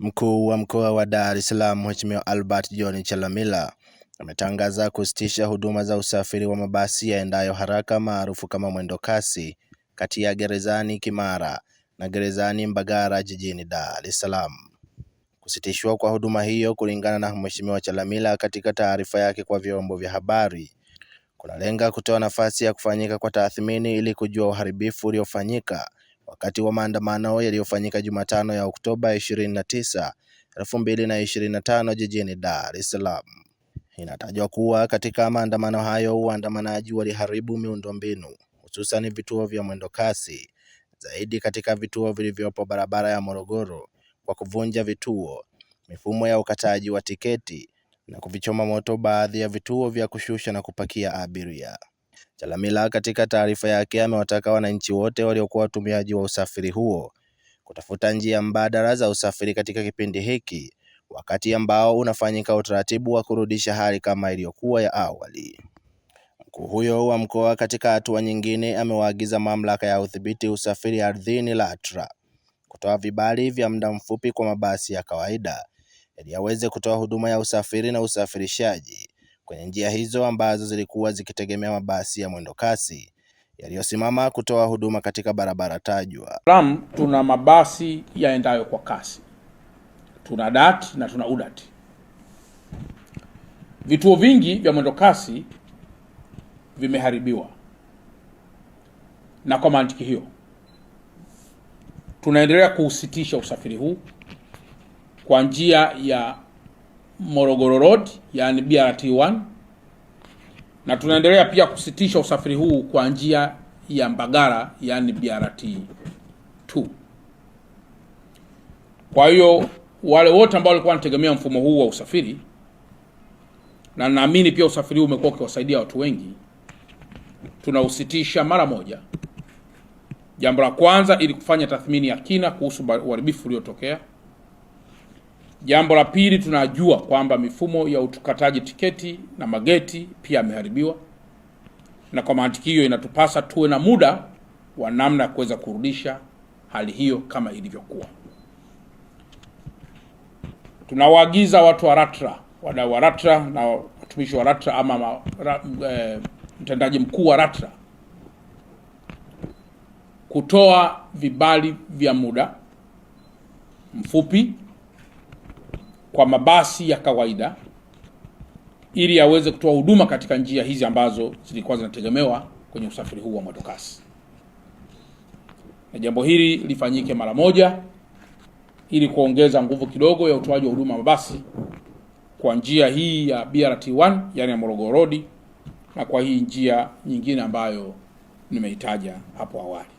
Mkuu wa Mkoa wa Dar es Salaam Mheshimiwa Albert John Chalamila ametangaza kusitisha huduma za usafiri wa mabasi yaendayo haraka maarufu kama mwendo kasi kati ya Gerezani Kimara na Gerezani mbagara jijini Dar es Salaam. Kusitishwa kwa huduma hiyo kulingana na Mheshimiwa Chalamila katika taarifa yake kwa vyombo vya habari kunalenga kutoa nafasi ya kufanyika kwa tathmini ili kujua uharibifu uliofanyika wakati wa maandamano yaliyofanyika Jumatano ya Oktoba 29, 2025 jijini Dar es Salaam. Inatajwa kuwa katika maandamano hayo waandamanaji waliharibu miundombinu hususan vituo vya mwendo kasi zaidi katika vituo vilivyopo barabara ya Morogoro kwa kuvunja vituo, mifumo ya ukataji wa tiketi na kuvichoma moto baadhi ya vituo vya kushusha na kupakia abiria. Chalamila katika taarifa yake amewataka wananchi wote waliokuwa watumiaji wa usafiri huo kutafuta njia mbadala za usafiri katika kipindi hiki wakati ambao unafanyika utaratibu wa kurudisha hali kama iliyokuwa ya awali. Mkuu huyo wa mkoa katika hatua nyingine amewaagiza mamlaka ya udhibiti usafiri ardhini LATRA kutoa vibali vya muda mfupi kwa mabasi ya kawaida ili yaweze kutoa huduma ya usafiri na usafirishaji kwenye njia hizo ambazo zilikuwa zikitegemea mabasi ya mwendokasi yaliyosimama kutoa huduma katika barabara tajwa. Ram tuna mabasi yaendayo kwa kasi, tuna DAT na tuna UDAT. Vituo vingi vya mwendo kasi vimeharibiwa, na kwa mantiki hiyo tunaendelea kuusitisha usafiri huu kwa njia ya Morogoro Road, yani BRT1, na tunaendelea pia kusitisha usafiri huu kwa njia ya mbagara yani BRT2. Kwa hiyo wale wote ambao walikuwa wanategemea mfumo huu wa usafiri, na naamini pia usafiri huu umekuwa ukiwasaidia watu wengi, tunausitisha mara moja. Jambo la kwanza, ili kufanya tathmini ya kina kuhusu uharibifu uliotokea. Jambo la pili, tunajua kwamba mifumo ya utukataji tiketi na mageti pia yameharibiwa, na kwa mantiki hiyo inatupasa tuwe na muda wa namna ya kuweza kurudisha hali hiyo kama ilivyokuwa. Tunawaagiza watu wa ratra wadau wa ratra na watumishi wa RATRA ama ma, ra, e, mtendaji mkuu wa ratra kutoa vibali vya muda mfupi kwa mabasi ya kawaida ili aweze kutoa huduma katika njia hizi ambazo zilikuwa zinategemewa kwenye usafiri huu wa mwendokasi, na jambo hili lifanyike mara moja ili kuongeza nguvu kidogo ya utoaji wa huduma mabasi kwa njia hii ya BRT1 yani ya Morogoro Road na kwa hii njia nyingine ambayo nimeitaja hapo awali.